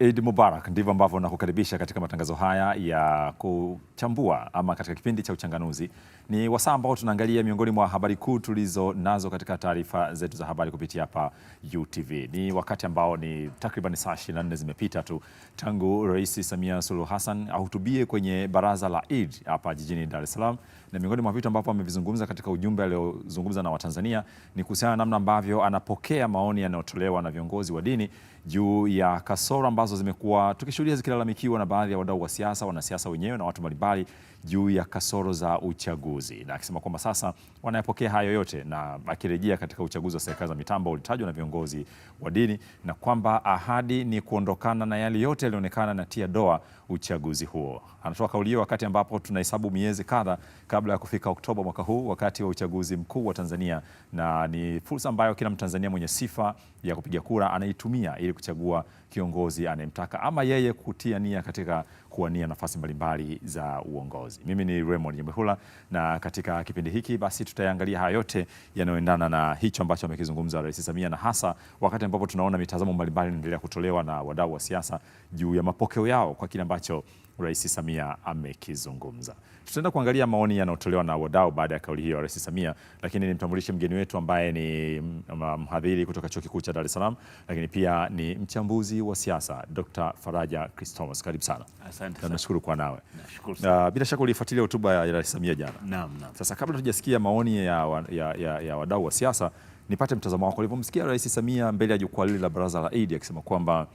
Eid Mubarak, ndivyo ambavyo nakukaribisha katika matangazo haya ya kuchambua ama katika kipindi cha Uchanganuzi. Ni wasaa ambao tunaangalia miongoni mwa habari kuu tulizo nazo katika taarifa zetu za habari kupitia hapa UTV. Ni wakati ambao ni takriban saa 24 zimepita tu tangu Rais Samia Suluhu Hassan ahutubie kwenye baraza la Eid hapa jijini Dar es Salaam, na miongoni mwa vitu ambavyo amevizungumza katika ujumbe aliozungumza na Watanzania ni kuhusiana na namna ambavyo anapokea maoni yanayotolewa na viongozi wa dini juu ya kasoro ambazo zimekuwa tukishuhudia zikilalamikiwa na baadhi ya wadau wa siasa, wanasiasa wenyewe na watu mbalimbali juu ya kasoro za uchaguzi, na akisema kwamba sasa wanayapokea hayo yote, na akirejea katika uchaguzi wa serikali za mitambo ulitajwa na viongozi wa dini, na kwamba ahadi ni kuondokana na yale yote yalionekana na tia doa uchaguzi huo. Anatoa kauli hiyo wakati ambapo tunahesabu miezi kadha kabla ya kufika Oktoba mwaka huu, wakati wa uchaguzi mkuu wa Tanzania, na ni fursa ambayo kila Mtanzania mwenye sifa ya kupiga kura anaitumia ili kuchagua kiongozi anayemtaka ama yeye kutia nia katika kuwania nafasi mbalimbali za uongozi. Mimi ni Raymond Nyambihula na katika kipindi hiki basi tutayaangalia haya yote yanayoendana na hicho ambacho amekizungumza Rais Samia na hasa wakati ambapo tunaona mitazamo mbalimbali inaendelea kutolewa na wadau wa siasa juu ya mapokeo yao kwa kile ambacho Rais Samia amekizungumza. Tutaenda kuangalia maoni yanayotolewa na wadau baada ya kauli hiyo ya Rais Samia, lakini nimtambulishe mgeni wetu ambaye ni um, mhadhiri kutoka Chuo Kikuu cha Dar es Salaam, lakini pia ni mchambuzi wa siasa, Dr. Faraja Christomas. Karibu sana. Asante sana. Nashukuru kwa nawe. Nashukuru sana. Bila shaka ulifuatilia hotuba ya Rais Samia jana. Naam, naam. Sasa kabla tujasikia maoni ya, ya, ya, ya wadau wa siasa nipate mtazamo wako. Ulivyomsikia Rais Samia mbele ya jukwaa lile la Baraza la Idi akisema kwamba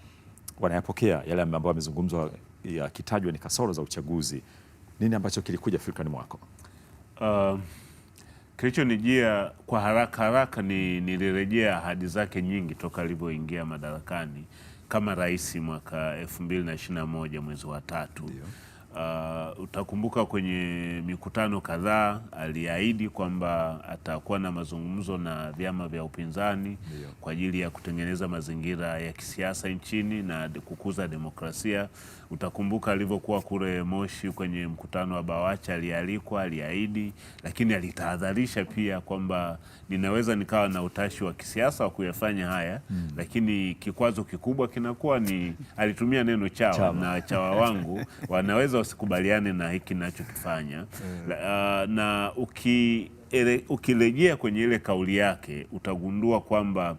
wanayapokea yale ambayo amezungumzwa yakitajwa ni kasoro za uchaguzi, nini ambacho kilikuja fikrani mwako? Uh, kilichonijia kwa haraka haraka ni nilirejea ahadi zake nyingi toka alivyoingia madarakani kama rais mwaka 2021 mwezi wa tatu. Ndiyo. Uh, utakumbuka kwenye mikutano kadhaa aliahidi kwamba atakuwa na mazungumzo na vyama vya upinzani Ndiyo. kwa ajili ya kutengeneza mazingira ya kisiasa nchini na kukuza demokrasia. Utakumbuka alivyokuwa kule Moshi kwenye mkutano wa Bawacha, alialikwa, aliahidi, lakini alitahadharisha pia kwamba ninaweza nikawa na utashi wa kisiasa wa kuyafanya haya mm. lakini kikwazo kikubwa kinakuwa ni, alitumia neno chawa Chama. na chawa wangu wanaweza wala na hiki nachokifanya mm. Uh, na ukirejea kwenye ile kauli yake utagundua kwamba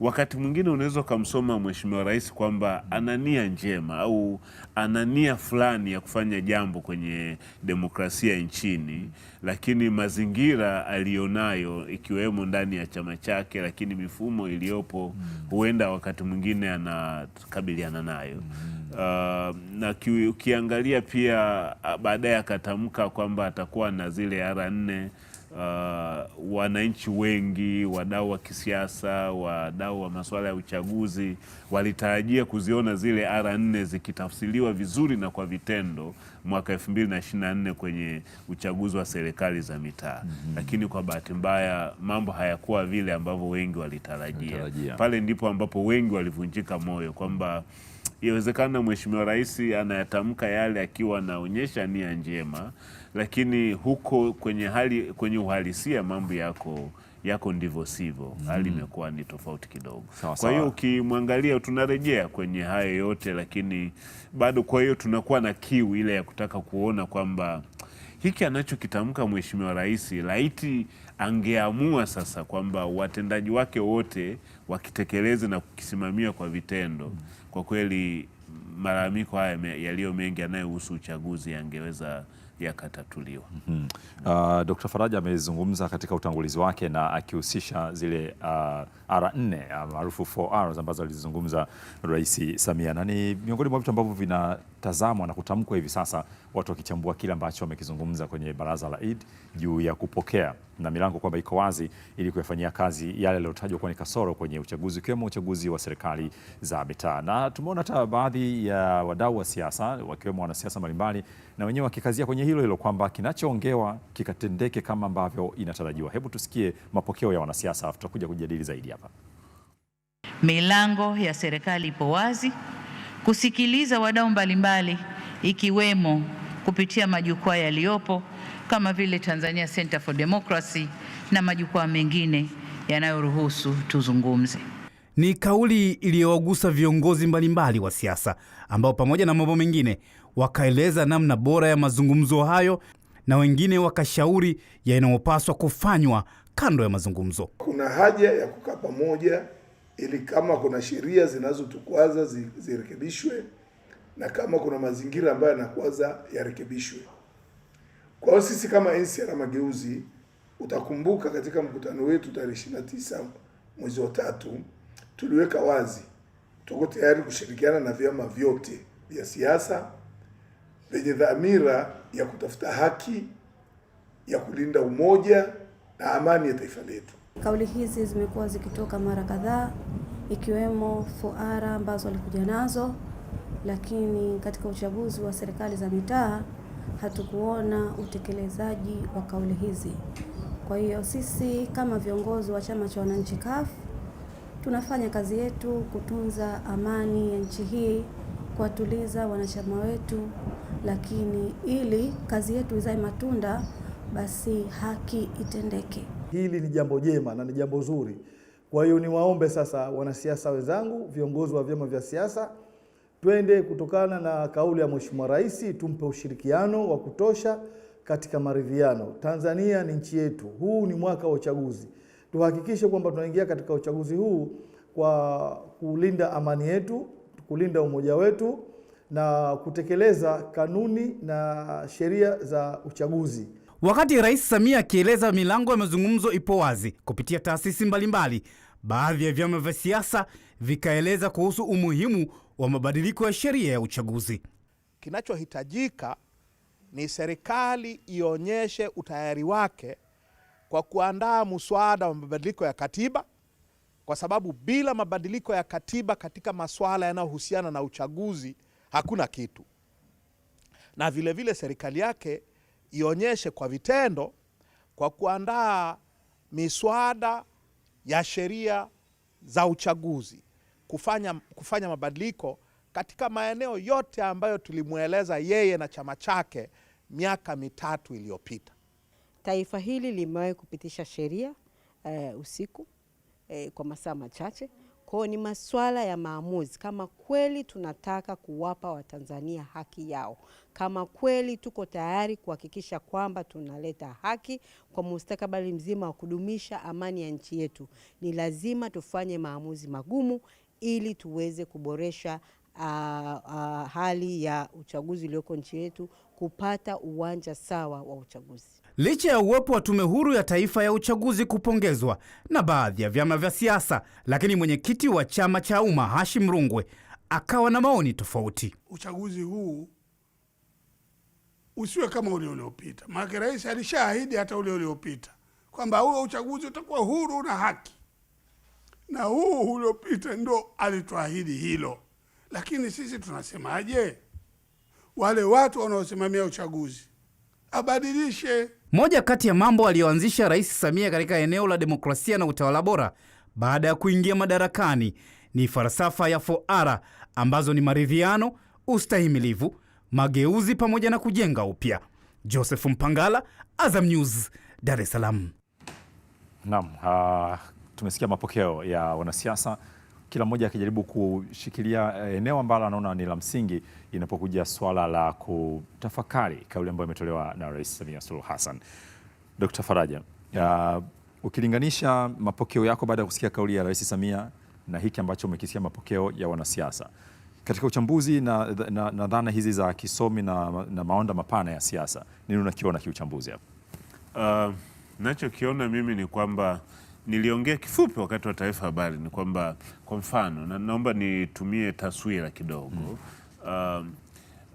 Wakati mwingine unaweza ukamsoma mheshimiwa rais kwamba ana nia njema au ana nia fulani ya kufanya jambo kwenye demokrasia nchini, lakini mazingira aliyonayo ikiwemo ndani ya chama chake, lakini mifumo iliyopo mm. huenda wakati mwingine anakabiliana nayo mm. Uh, na ukiangalia pia baadaye akatamka kwamba atakuwa na zile ara nne uh, wananchi wengi, wadau wa kisiasa, wadau wa masuala ya uchaguzi walitarajia kuziona zile R nne zikitafsiriwa vizuri na kwa vitendo mwaka 224 kwenye uchaguzi wa serikali za mitaa mm -hmm. Lakini kwa bahati mbaya mambo hayakuwa vile ambavyo wengi walitarajia. pale ndipo ambapo wengi walivunjika moyo kwamba inawezekana Mheshimiwa Rais anayatamka yale akiwa anaonyesha nia njema lakini huko kwenye hali kwenye uhalisia mambo yako yako ndivyo sivyo, mm-hmm. hali imekuwa ni tofauti kidogo. Kwa hiyo ukimwangalia, tunarejea kwenye hayo yote, lakini bado, kwa hiyo tunakuwa na kiu ile ya kutaka kuona kwamba hiki anachokitamka Mheshimiwa Rais, laiti angeamua sasa kwamba watendaji wake wote wakitekeleze na kukisimamia kwa vitendo, mm-hmm. kwa kweli malalamiko haya yaliyo mengi yanayohusu uchaguzi yangeweza yakatatuliwa. mm -hmm. Uh, Dr. Faraja amezungumza katika utangulizi wake na akihusisha zile uh, R4 uh, maarufu 4R ambazo alizizungumza Rais Samia na ni miongoni mwa vitu ambavyo vinatazamwa na kutamkwa hivi sasa, watu wakichambua kile ambacho wamekizungumza kwenye baraza la Eid juu ya kupokea na milango kwamba iko wazi ili kuyafanyia kazi yale yaliyotajwa kuwa ni kasoro kwenye uchaguzi ikiwemo uchaguzi wa serikali za mitaa, na tumeona hata baadhi ya wadau wa siasa wakiwemo wanasiasa mbalimbali na wenyewe wakikazia kwenye hilo hilo kwamba kinachoongewa kikatendeke kama ambavyo inatarajiwa. Hebu tusikie mapokeo ya wanasiasa, halafu tutakuja kujadili zaidi hapa. Milango ya serikali ipo wazi kusikiliza wadau mbalimbali ikiwemo kupitia majukwaa yaliyopo kama vile Tanzania Center for Democracy na majukwaa mengine yanayoruhusu tuzungumze. Ni kauli iliyowagusa viongozi mbalimbali wa siasa ambao pamoja na mambo mengine wakaeleza namna bora ya mazungumzo hayo na wengine wakashauri yanayopaswa kufanywa kando ya mazungumzo. Kuna haja ya kukaa pamoja ili kama kuna sheria zinazotukwaza zirekebishwe na kama kuna mazingira ambayo yanakwaza yarekebishwe. Kwa hiyo sisi kama NCCR Mageuzi, utakumbuka katika mkutano wetu tarehe ishirini na tisa mwezi wa tatu tuliweka wazi tuko tayari kushirikiana na vyama vyote vya siasa lenye dhamira ya kutafuta haki ya kulinda umoja na amani ya taifa letu. Kauli hizi zimekuwa zikitoka mara kadhaa, ikiwemo fuara ambazo walikuja nazo, lakini katika uchaguzi wa serikali za mitaa hatukuona utekelezaji wa kauli hizi. Kwa hiyo sisi kama viongozi wa chama cha wananchi CUF tunafanya kazi yetu kutunza amani ya nchi hii, kuwatuliza wanachama wetu lakini ili kazi yetu izae matunda, basi haki itendeke. Hili ni jambo jema na ni jambo zuri. Kwa hiyo niwaombe sasa wanasiasa wenzangu, viongozi wa vyama vya siasa, twende kutokana na kauli ya Mheshimiwa Rais, tumpe ushirikiano wa kutosha katika maridhiano. Tanzania ni nchi yetu, huu ni mwaka wa uchaguzi. Tuhakikishe kwamba tunaingia katika uchaguzi huu kwa kulinda amani yetu, kulinda umoja wetu na kutekeleza kanuni na sheria za uchaguzi. Wakati Rais Samia akieleza milango ya mazungumzo ipo wazi kupitia taasisi mbalimbali, baadhi ya vyama vya siasa vikaeleza kuhusu umuhimu wa mabadiliko ya sheria ya uchaguzi. Kinachohitajika ni serikali ionyeshe utayari wake kwa kuandaa muswada wa mabadiliko ya katiba, kwa sababu bila mabadiliko ya katiba katika masuala yanayohusiana na uchaguzi hakuna kitu. Na vilevile vile serikali yake ionyeshe kwa vitendo kwa kuandaa miswada ya sheria za uchaguzi kufanya, kufanya mabadiliko katika maeneo yote ambayo tulimweleza yeye na chama chake miaka mitatu iliyopita. Taifa hili limewahi kupitisha sheria uh, usiku uh, kwa masaa machache kwa ni masuala ya maamuzi, kama kweli tunataka kuwapa Watanzania haki yao, kama kweli tuko tayari kuhakikisha kwamba tunaleta haki kwa mustakabali mzima wa kudumisha amani ya nchi yetu, ni lazima tufanye maamuzi magumu ili tuweze kuboresha uh, uh, hali ya uchaguzi ulioko nchi yetu, kupata uwanja sawa wa uchaguzi. Licha ya uwepo wa Tume Huru ya Taifa ya Uchaguzi kupongezwa na baadhi ya vyama vya siasa, lakini mwenyekiti wa Chama cha Umma Hashim Rungwe akawa na maoni tofauti. Uchaguzi huu usiwe kama ule uliopita, maanake rais alishaahidi hata ule uliopita kwamba huo uchaguzi utakuwa huru na haki, na huu uliopita ndo alituahidi hilo. Lakini sisi tunasemaje? Wale watu wanaosimamia uchaguzi abadilishe moja kati ya mambo aliyoanzisha Rais Samia katika eneo la demokrasia na utawala bora baada ya kuingia madarakani ni falsafa ya 4R ambazo ni maridhiano, ustahimilivu, mageuzi pamoja na kujenga upya. Joseph Mpangala, Azam News, Dar es Salaam. Naam, uh, tumesikia mapokeo ya wanasiasa, kila mmoja akijaribu kushikilia eh, eneo ambalo anaona ni la msingi inapokuja swala la kutafakari kauli ambayo imetolewa na Rais Samia Suluhu Hassan. Dr. Faraja, uh, ukilinganisha mapokeo yako baada ya kusikia kauli ya Rais Samia na hiki ambacho umekisikia mapokeo ya wanasiasa katika uchambuzi na, na, na dhana hizi za kisomi na, na maonda mapana ya siasa, nini unakiona kiuchambuzi hapo? Uh, nachokiona mimi ni kwamba niliongea kifupi wakati wa taarifa habari, ni kwamba kwa mfano na naomba nitumie taswira kidogo mm. Um,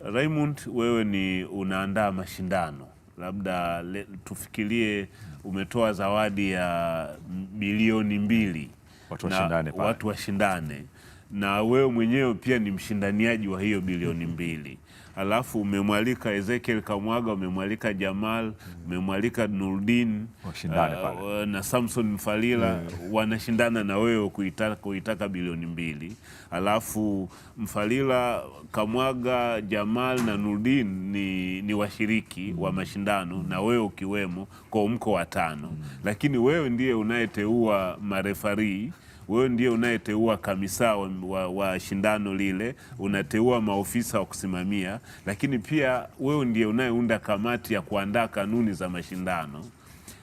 Raymond, wewe ni unaandaa mashindano labda le, tufikirie umetoa zawadi ya bilioni mbili watu washindane, watu washindane na wewe mwenyewe pia ni mshindaniaji wa hiyo bilioni mbili alafu umemwalika Ezekiel Kamwaga, umemwalika Jamal, hmm. umemwalika Nurdin uh, na Samson Mfalila mm. wanashindana na wewe kuitaka, kuitaka bilioni mbili, alafu Mfalila, Kamwaga, Jamal na Nurdin ni, ni washiriki wa hmm. mashindano na wewe ukiwemo, kwa mko watano mm. lakini wewe ndiye unayeteua marefarii wewe ndiye unayeteua kamisa wa, wa, wa shindano lile, unateua maofisa wa kusimamia, lakini pia wewe ndiye unayeunda kamati ya kuandaa kanuni za mashindano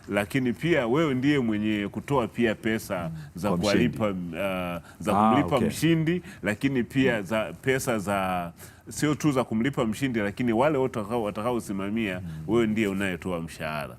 lakini pia wewe ndiye mwenye kutoa pia pesa za kuwalipa uh, za ah, kumlipa ah, okay. mshindi lakini pia hmm. za pesa za sio tu za kumlipa mshindi, lakini wale wote watakaosimamia hmm. wewe ndiye unayetoa mshahara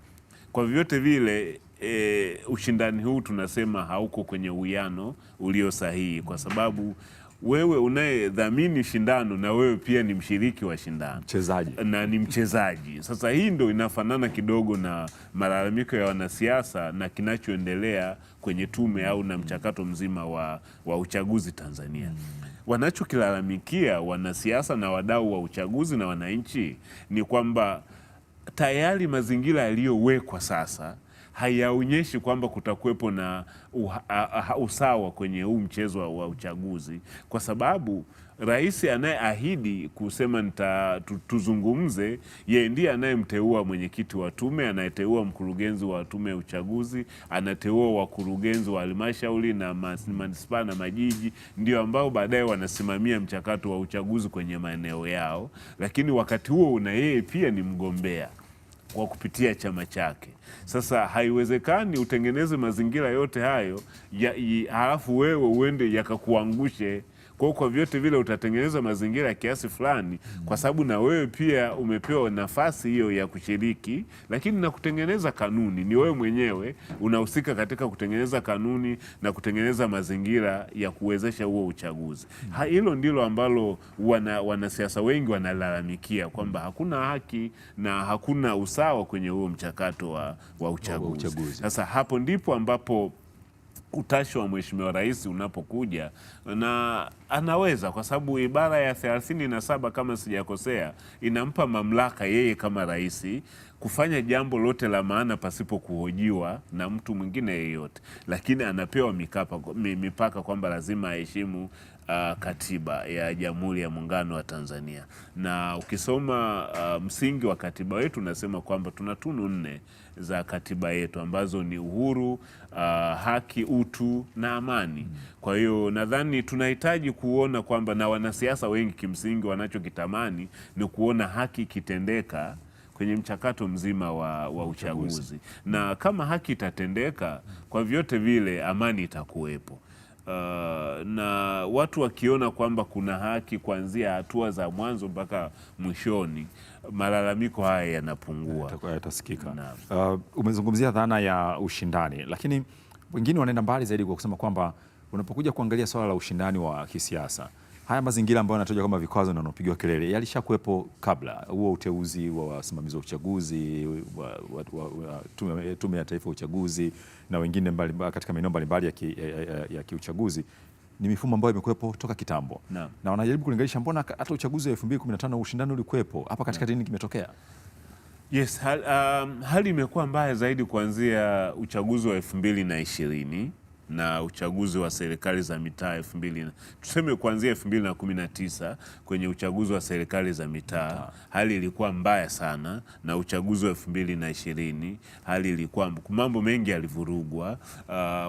kwa vyovyote vile e, ushindani huu tunasema hauko kwenye uwiano ulio sahihi, kwa sababu wewe unayedhamini shindano na wewe pia ni mshiriki wa shindano, mchezaji na ni mchezaji. Sasa hii ndo inafanana kidogo na malalamiko ya wanasiasa na kinachoendelea kwenye tume au na mchakato mzima wa, wa uchaguzi Tanzania. Wanachokilalamikia wanasiasa na wadau wa uchaguzi na wananchi ni kwamba tayari mazingira yaliyowekwa sasa hayaonyeshi kwamba kutakuwepo na uh, uh, usawa kwenye huu mchezo wa uchaguzi, kwa sababu rais anayeahidi kusema nita tuzungumze, yeye ndiye anayemteua mwenyekiti wa tume, anayeteua mkurugenzi wa tume ya uchaguzi, anateua wakurugenzi wa halmashauri na manispaa na majiji, ndio ambao baadaye wanasimamia mchakato wa uchaguzi kwenye maeneo yao, lakini wakati huo una yeye pia ni mgombea kwa kupitia chama chake. Sasa haiwezekani utengeneze mazingira yote hayo ya, halafu wewe uende yakakuangushe. Kwa kwa vyote vile utatengeneza mazingira ya kiasi fulani, kwa sababu na wewe pia umepewa nafasi hiyo ya kushiriki, lakini na kutengeneza kanuni ni wewe mwenyewe unahusika katika kutengeneza kanuni na kutengeneza mazingira ya kuwezesha huo uchaguzi. Hilo ndilo ambalo wana, wanasiasa wengi wanalalamikia kwamba hakuna haki na hakuna usawa kwenye huo mchakato wa, wa uchaguzi. Sasa hapo ndipo ambapo utashi wa Mheshimiwa Rais unapokuja, na anaweza kwa sababu ibara ya thelathini na saba kama sijakosea inampa mamlaka yeye kama rais kufanya jambo lote la maana pasipo kuhojiwa na mtu mwingine yeyote, lakini anapewa mikapa, mipaka kwamba lazima aheshimu uh, katiba ya Jamhuri ya Muungano wa Tanzania. Na ukisoma uh, msingi wa katiba wetu unasema kwamba tuna tunu nne za katiba yetu ambazo ni uhuru, uh, haki, utu na amani. Kwa hiyo nadhani tunahitaji kuona kwamba na wanasiasa wengi kimsingi wanachokitamani ni kuona haki ikitendeka kwenye mchakato mzima wa, wa uchaguzi na kama haki itatendeka kwa vyote vile amani itakuwepo. Uh, na watu wakiona kwamba kuna haki kuanzia hatua za mwanzo mpaka mwishoni, malalamiko haya yanapungua, yatasikika. Uh, umezungumzia dhana ya ushindani, lakini wengine wanaenda mbali zaidi kwa kusema kwamba unapokuja kuangalia swala la ushindani wa kisiasa haya mazingira ambayo yanatajwa kama vikwazo na wanapigiwa kelele yalishakuwepo kabla huo uteuzi wa wasimamizi wa uchaguzi wa, wa, wa, wa, tume, tume ya taifa ya uchaguzi na wengine mbali, katika maeneo mbalimbali ya, ki, ya kiuchaguzi ni mifumo ambayo imekuwepo toka kitambo na, na wanajaribu kulinganisha, mbona hata uchaguzi wa 2015 ushindani ulikuwepo hapa katikati, nini kimetokea? Yes, hal, um, hali imekuwa mbaya zaidi kuanzia uchaguzi wa 2020 na uchaguzi wa serikali za mitaa elfu mbili tuseme kuanzia elfu mbili na kumi na tisa kwenye uchaguzi wa serikali za mitaa hali ilikuwa mbaya sana, na uchaguzi wa elfu mbili na ishirini hali ilikuwa mambo mengi yalivurugwa.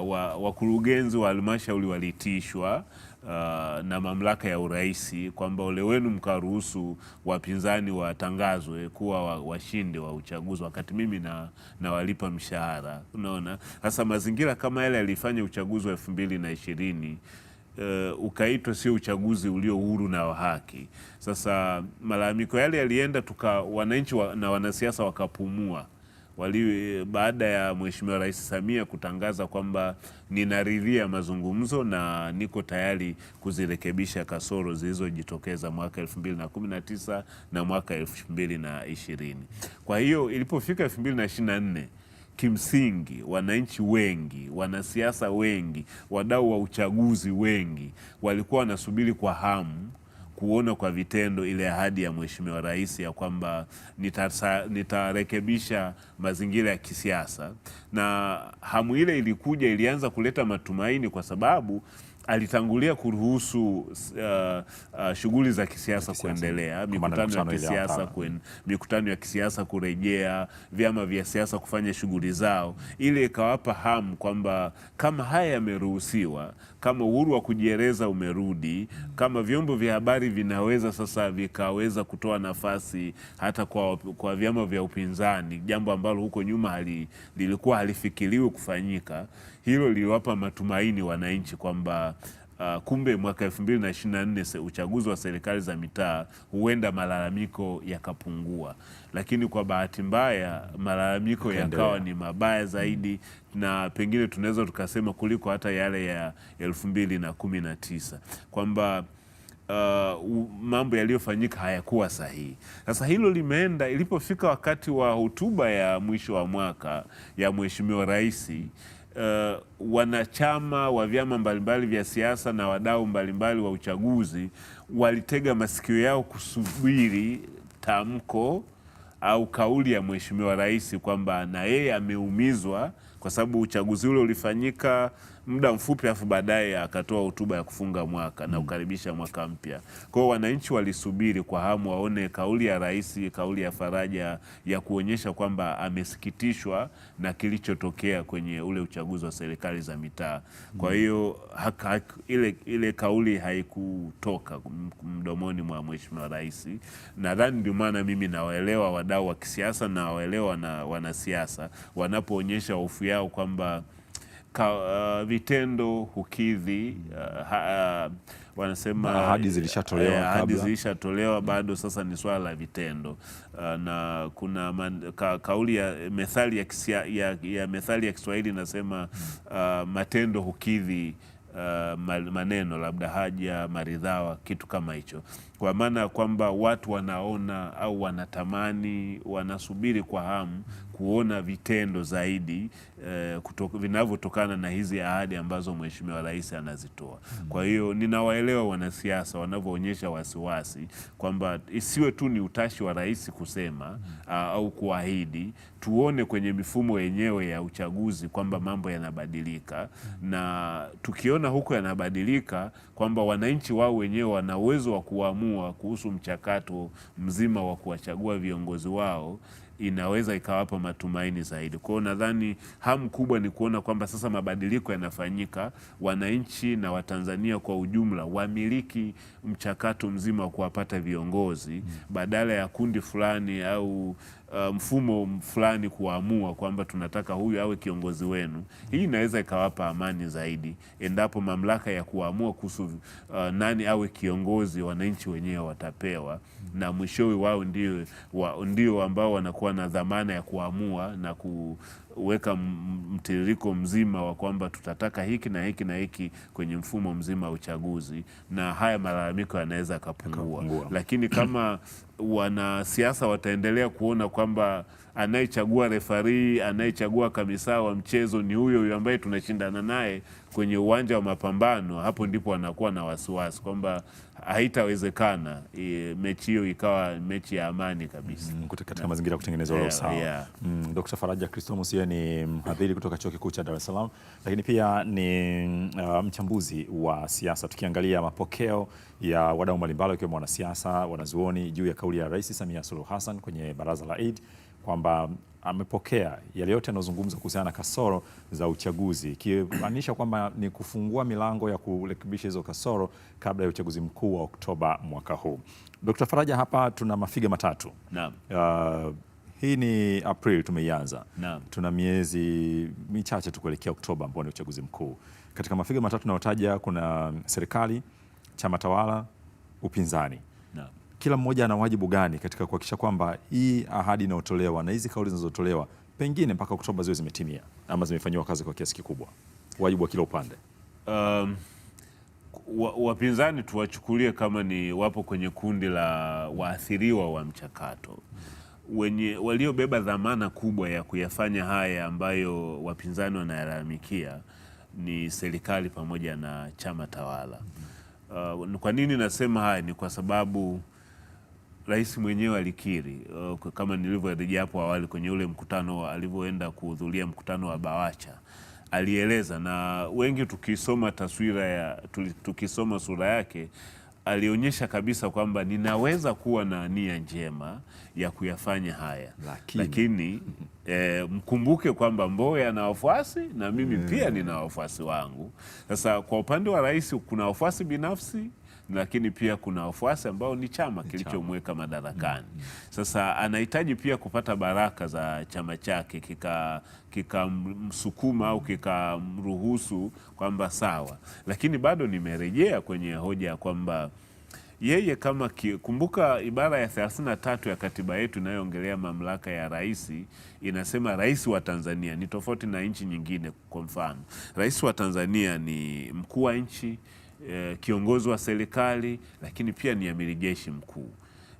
Uh, wakurugenzi wa halmashauri walitishwa uh, na mamlaka ya urais kwamba ole wenu mkaruhusu wapinzani watangazwe kuwa washinde wa, wa uchaguzi wakati mimi na nawalipa mshahara. Unaona sasa mazingira kama yale yalifanya uchaguzi wa elfu mbili na ishirini Uh, ukaitwa sio uchaguzi ulio huru na wa haki. Sasa malalamiko yale yalienda tuka wananchi wa, na wanasiasa wakapumua, wali baada ya Mheshimiwa Rais Samia kutangaza kwamba ninaridhia mazungumzo na niko tayari kuzirekebisha kasoro zilizojitokeza mwaka 2019 na mwaka 2020. Kwa hiyo ilipofika 2024 kimsingi wananchi wengi, wanasiasa wengi, wadau wa uchaguzi wengi walikuwa wanasubiri kwa hamu kuona kwa vitendo ile ahadi ya Mheshimiwa Rais ya kwamba nitasa, nitarekebisha mazingira ya kisiasa, na hamu ile ilikuja, ilianza kuleta matumaini kwa sababu alitangulia kuruhusu uh, uh, shughuli za kisiasa kuendelea, mikutano ya kisiasa kwen, mikutano ya kisiasa kurejea, vyama vya siasa kufanya shughuli zao, ili ikawapa hamu kwamba kama haya yameruhusiwa, kama uhuru wa kujieleza umerudi, kama vyombo vya habari vinaweza sasa vikaweza kutoa nafasi hata kwa, kwa vyama vya upinzani, jambo ambalo huko nyuma hali, lilikuwa halifikiriwi kufanyika hilo liliwapa matumaini wananchi kwamba Uh, kumbe mwaka nne uchaguzi wa serikali za mitaa huenda malalamiko yakapungua, lakini kwa bahati mbaya malalamiko yakawa ni mabaya zaidi na pengine tunaweza tukasema kuliko hata yale ya tisa kwamba Uh, mambo yaliyofanyika hayakuwa sahihi. Sasa hilo limeenda, ilipofika wakati wa hotuba ya mwisho wa mwaka ya Mheshimiwa Rais uh, wanachama wa vyama mbalimbali vya siasa na wadau mbalimbali wa uchaguzi walitega masikio yao kusubiri tamko au kauli ya Mheshimiwa Rais kwamba na yeye ameumizwa kwa sababu uchaguzi ule ulifanyika muda mfupi, alafu baadaye akatoa hotuba ya kufunga mwaka na mm. kukaribisha mwaka mpya. kwao wananchi walisubiri kwa hamu waone kauli ya rais, kauli ya faraja ya kuonyesha kwamba amesikitishwa na kilichotokea kwenye ule uchaguzi wa serikali za mitaa. Kwa mm. hiyo ile, ile kauli haikutoka mdomoni mwa mheshimiwa rais. Nadhani ndio maana mimi nawaelewa wadau wa kisiasa na waelewa na wanasiasa wanapoonyesha hofu yao kwamba ka, uh, vitendo hukidhi uh, ha, uh, wanasema ahadi zilishatolewa, eh, ahadi zilishatolewa bado sasa ni swala la vitendo uh, na kuna man, ka, kauli ya methali ya, kisia, ya, ya methali ya Kiswahili inasema uh, matendo hukidhi uh, maneno, labda haja maridhawa, kitu kama hicho kwa maana ya kwamba watu wanaona au wanatamani, wanasubiri kwa hamu kuona vitendo zaidi eh, vinavyotokana na hizi ahadi ambazo Mheshimiwa Rais anazitoa. Hmm. Kwa hiyo ninawaelewa wanasiasa wanavyoonyesha wasiwasi kwamba isiwe tu ni utashi wa rais kusema uh, au kuahidi, tuone kwenye mifumo yenyewe ya uchaguzi kwamba mambo yanabadilika, hmm. na tukiona huko yanabadilika kwamba wananchi wao wenyewe wana uwezo wa kuamua kuamua kuhusu mchakato mzima wa kuwachagua viongozi wao inaweza ikawapa matumaini zaidi. Kwa hiyo nadhani hamu kubwa ni kuona kwamba sasa mabadiliko yanafanyika, wananchi na Watanzania kwa ujumla wamiliki mchakato mzima wa kuwapata viongozi mm. badala ya kundi fulani au uh, mfumo fulani kuamua kwamba tunataka huyu awe kiongozi wenu. Hii inaweza ikawapa amani zaidi, endapo mamlaka ya kuamua kuhusu uh, nani awe kiongozi wananchi wenyewe watapewa, na mwishowe wao ndio wa, ndio ambao wanakuwa na dhamana ya kuamua na ku weka mtiririko mzima wa kwamba tutataka hiki na hiki na hiki kwenye mfumo mzima wa uchaguzi, na haya malalamiko yanaweza akapungua. Lakini kama wanasiasa wataendelea kuona kwamba anayechagua refarii, anayechagua kamisaa wa mchezo ni huyo huyo ambaye tunashindana naye kwenye uwanja wa mapambano, hapo ndipo wanakuwa na wasiwasi kwamba haitawezekana e, mechi hiyo ikawa mechi ya amani kabisa, mm, katika mazingira ya kutengeneza usawa. Yeah, Mm, Faraja Kristo Musia Msuya ni mhadhiri kutoka Chuo Kikuu cha Dar es Salaam, lakini pia ni uh, mchambuzi wa siasa, tukiangalia mapokeo ya wadau mbalimbali wakiwemo wanasiasa, wanazuoni juu ya kauli ya Rais Samia Suluhu Hassan kwenye baraza la Eid kwamba amepokea yale yote yanayozungumzwa kuhusiana na kasoro za uchaguzi, ikimaanisha kwamba ni kufungua milango ya kurekebisha hizo kasoro kabla ya uchaguzi mkuu wa Oktoba mwaka huu. Dr. Faraja, hapa tuna mafiga matatu. Naam. Uh, hii ni Aprili tumeianza tuna miezi michache tu kuelekea Oktoba ambao ni uchaguzi mkuu. Katika mafiga matatu nayotaja kuna serikali, chama tawala, upinzani na. Kila mmoja ana wajibu gani katika kuhakikisha kwamba hii ahadi inayotolewa na hizi kauli zinazotolewa pengine mpaka Oktoba ziwe zimetimia ama zimefanyiwa kazi kwa kiasi kikubwa, wajibu wa kila upande. Um, wapinzani tuwachukulie kama ni wapo kwenye kundi la waathiriwa wa mchakato wenye waliobeba dhamana kubwa ya kuyafanya haya ambayo wapinzani wanayalalamikia ni serikali pamoja na chama tawala. Uh, kwa nini nasema haya? Ni kwa sababu rais mwenyewe alikiri, uh, kama nilivyorejea hapo awali kwenye ule mkutano alivyoenda kuhudhuria mkutano wa Bawacha alieleza, na wengi tukisoma taswira ya tukisoma sura yake alionyesha kabisa kwamba ninaweza kuwa na nia njema ya kuyafanya haya lakini, lakini e, mkumbuke kwamba Mbowe ana wafuasi na mimi mm, pia nina wafuasi wangu. Sasa kwa upande wa rais kuna wafuasi binafsi lakini pia kuna wafuasi ambao ni chama kilichomweka madarakani. Mm, mm. Sasa anahitaji pia kupata baraka za chama chake kikamsukuma kika au kikamruhusu kwamba sawa, lakini bado nimerejea kwenye hoja ya kwamba yeye kama ki, kumbuka ibara ya 33 ya katiba yetu inayoongelea mamlaka ya rais inasema rais wa Tanzania ni tofauti na nchi nyingine. Kwa mfano, rais wa Tanzania ni mkuu wa nchi eh, kiongozi wa serikali, lakini pia ni amiri jeshi mkuu.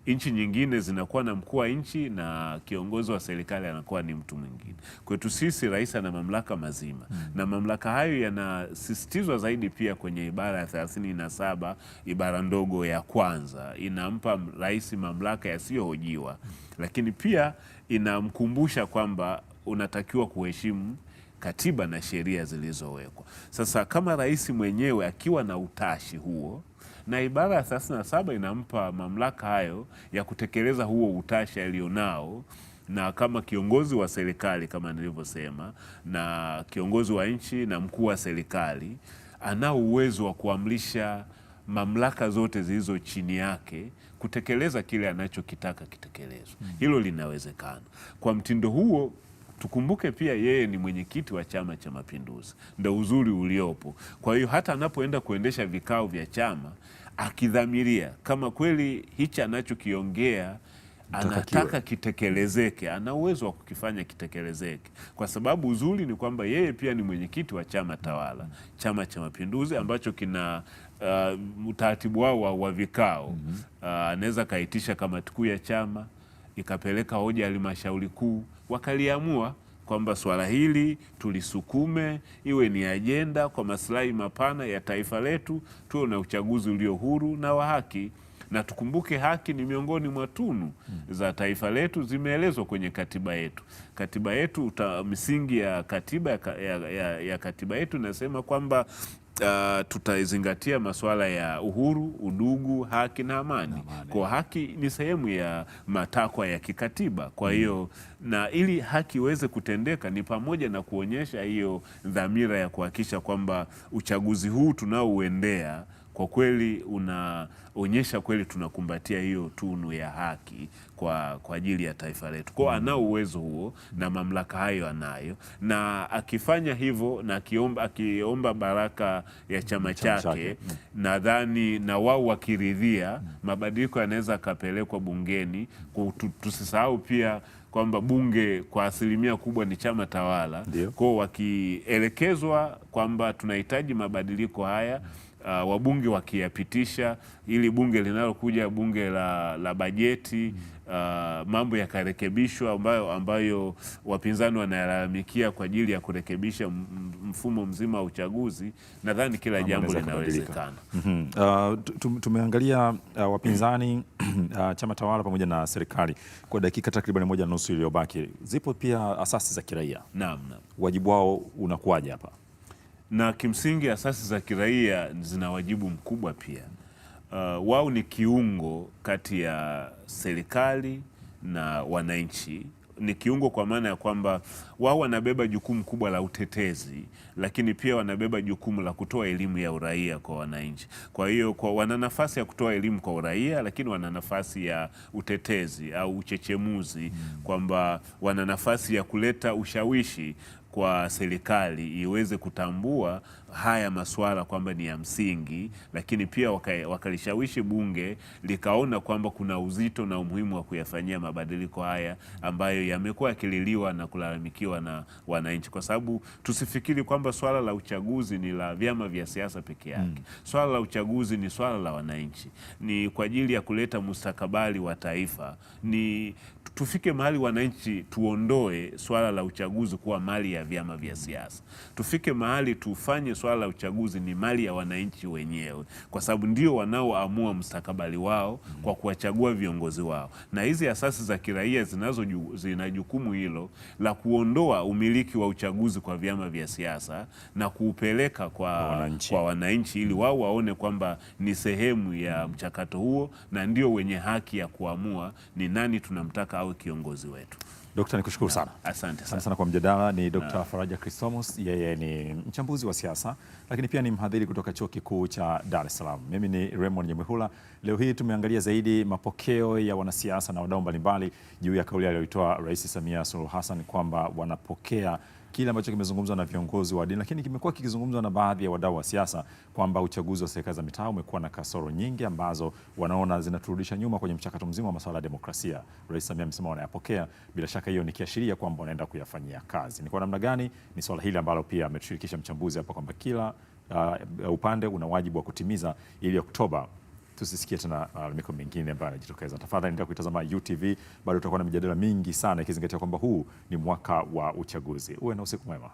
Nchi nyingine zinakuwa na mkuu wa nchi na kiongozi wa serikali anakuwa ni mtu mwingine. Kwetu sisi rais ana mamlaka mazima mm -hmm. na mamlaka hayo yanasisitizwa zaidi pia kwenye ibara ya thelathini na saba ibara ndogo ya kwanza inampa rais mamlaka yasiyohojiwa mm -hmm. lakini pia inamkumbusha kwamba unatakiwa kuheshimu katiba na sheria zilizowekwa. Sasa kama rais mwenyewe akiwa na utashi huo na ibara ya thelathini na saba inampa mamlaka hayo ya kutekeleza huo utashi alionao, na kama kiongozi wa serikali kama nilivyosema, na kiongozi wa nchi na mkuu wa serikali anao uwezo wa kuamrisha mamlaka zote zilizo chini yake kutekeleza kile anachokitaka kitekelezwe. Mm-hmm. Hilo linawezekana kwa mtindo huo. Tukumbuke pia yeye ni mwenyekiti wa Chama cha Mapinduzi, ndo uzuri uliopo. Kwa hiyo hata anapoenda kuendesha vikao vya chama akidhamiria kama kweli hichi anachokiongea anataka kitekelezeke, ana uwezo wa kukifanya kitekelezeke, kwa sababu uzuri ni kwamba yeye pia ni mwenyekiti wa chama tawala, Chama cha Mapinduzi, ambacho kina uh, utaratibu wao wa vikao. Mhm. Uh, anaweza mm -hmm. uh, akaitisha kamati kuu ya chama, ikapeleka hoja halmashauri kuu wakaliamua kwamba swala hili tulisukume iwe ni ajenda kwa maslahi mapana ya taifa letu, tuwe na uchaguzi ulio huru na wa haki. Na tukumbuke haki ni miongoni mwa tunu za taifa letu, zimeelezwa kwenye katiba yetu. Katiba yetu uta, misingi ya katiba ya, ya, ya katiba yetu inasema kwamba uh, tutazingatia masuala ya uhuru, udugu, haki na amani. Kwa haki ni sehemu ya matakwa ya kikatiba, kwa mm. hiyo mm. na ili haki iweze kutendeka ni pamoja na kuonyesha hiyo dhamira ya kuhakikisha kwamba uchaguzi huu tunaouendea kwa kweli unaonyesha kweli tunakumbatia hiyo tunu ya haki kwa, kwa ajili ya taifa letu. Kwao mm-hmm. anao uwezo huo na mamlaka hayo anayo, na akifanya hivyo na akiomba, akiomba baraka ya chama chake, mm. nadhani na wao wakiridhia, mm. mabadiliko yanaweza akapelekwa bungeni. Tusisahau pia kwamba bunge kwa asilimia kubwa ni chama tawala, kwao wakielekezwa kwamba tunahitaji mabadiliko haya mm uh, wabunge wakiyapitisha, ili bunge linalokuja bunge la, la bajeti hmm. uh, mambo yakarekebishwa ambayo, ambayo wapinzani wanayalalamikia kwa ajili ya kurekebisha mfumo mzima wa uchaguzi, nadhani kila jambo linawezekana. mm -hmm. uh, tumeangalia uh, wapinzani uh, chama tawala pamoja na serikali kwa dakika takriban moja na nusu iliyobaki. Zipo pia asasi za kiraia. Naam, naam. Wajibu wao unakuwaje hapa? na kimsingi asasi za kiraia zina wajibu mkubwa pia. Uh, wao ni kiungo kati ya serikali na wananchi ni kiungo kwa maana ya kwamba wao wanabeba jukumu kubwa la utetezi, lakini pia wanabeba jukumu la kutoa elimu ya uraia kwa wananchi. Kwa hiyo kwa wana nafasi ya kutoa elimu kwa uraia, lakini wana nafasi ya utetezi au uchechemuzi, hmm. kwamba wana nafasi ya kuleta ushawishi kwa serikali iweze kutambua haya masuala kwamba ni ya msingi, lakini pia wakalishawishi waka bunge likaona kwamba kuna uzito na umuhimu wa kuyafanyia mabadiliko haya ambayo yamekuwa yakililiwa na kulalamikiwa na wananchi, kwa sababu tusifikiri kwamba swala la uchaguzi ni la vyama vya siasa peke yake mm. Swala la uchaguzi ni swala la wananchi, ni kwa ajili ya kuleta mustakabali wa taifa, ni tufike mahali wananchi tuondoe swala la uchaguzi kuwa mali ya vyama vya siasa. Tufike mahali tufanye swala la uchaguzi ni mali ya wananchi wenyewe, kwa sababu ndio wanaoamua mstakabali wao kwa kuwachagua viongozi wao, na hizi asasi za kiraia zinazo zina jukumu hilo la kuondoa umiliki wa uchaguzi kwa vyama vya siasa na kuupeleka kwa wananchi, kwa wananchi ili wao waone kwamba ni sehemu ya mchakato huo na ndio wenye haki ya kuamua ni nani tunamtaka awe kiongozi wetu. Dokta, kushukuru sana. Asante sana sana kwa mjadala. Ni Dr. Faraja Chrysomos, yeye ni mchambuzi wa siasa lakini pia ni mhadhiri kutoka Chuo Kikuu cha Dar es Salaam. Mimi ni Raymond Nyamwihula. Leo hii tumeangalia zaidi mapokeo ya wanasiasa na wadau mbalimbali juu ya kauli aliyoitoa Rais Samia Suluhu Hassan kwamba wanapokea kile ambacho kimezungumzwa na viongozi wa dini, lakini kimekuwa kikizungumzwa na baadhi ya wadau wa siasa kwamba uchaguzi wa serikali za mitaa umekuwa na kasoro nyingi ambazo wanaona zinaturudisha nyuma kwenye mchakato mzima wa masuala ya demokrasia. Rais Samia amesema wanayapokea, bila shaka hiyo ni kiashiria kwamba wanaenda kuyafanyia kazi. Ni kwa namna gani? Ni swala hili ambalo pia ametushirikisha mchambuzi hapa kwamba kila uh, upande una wajibu wa kutimiza ili Oktoba tusisikie tena malalamiko mengine ambayo yanajitokeza. Tafadhali endelea kuitazama UTV, bado tutakuwa na mijadala mingi sana, ikizingatia kwamba huu ni mwaka wa uchaguzi. Uwe na usiku mwema.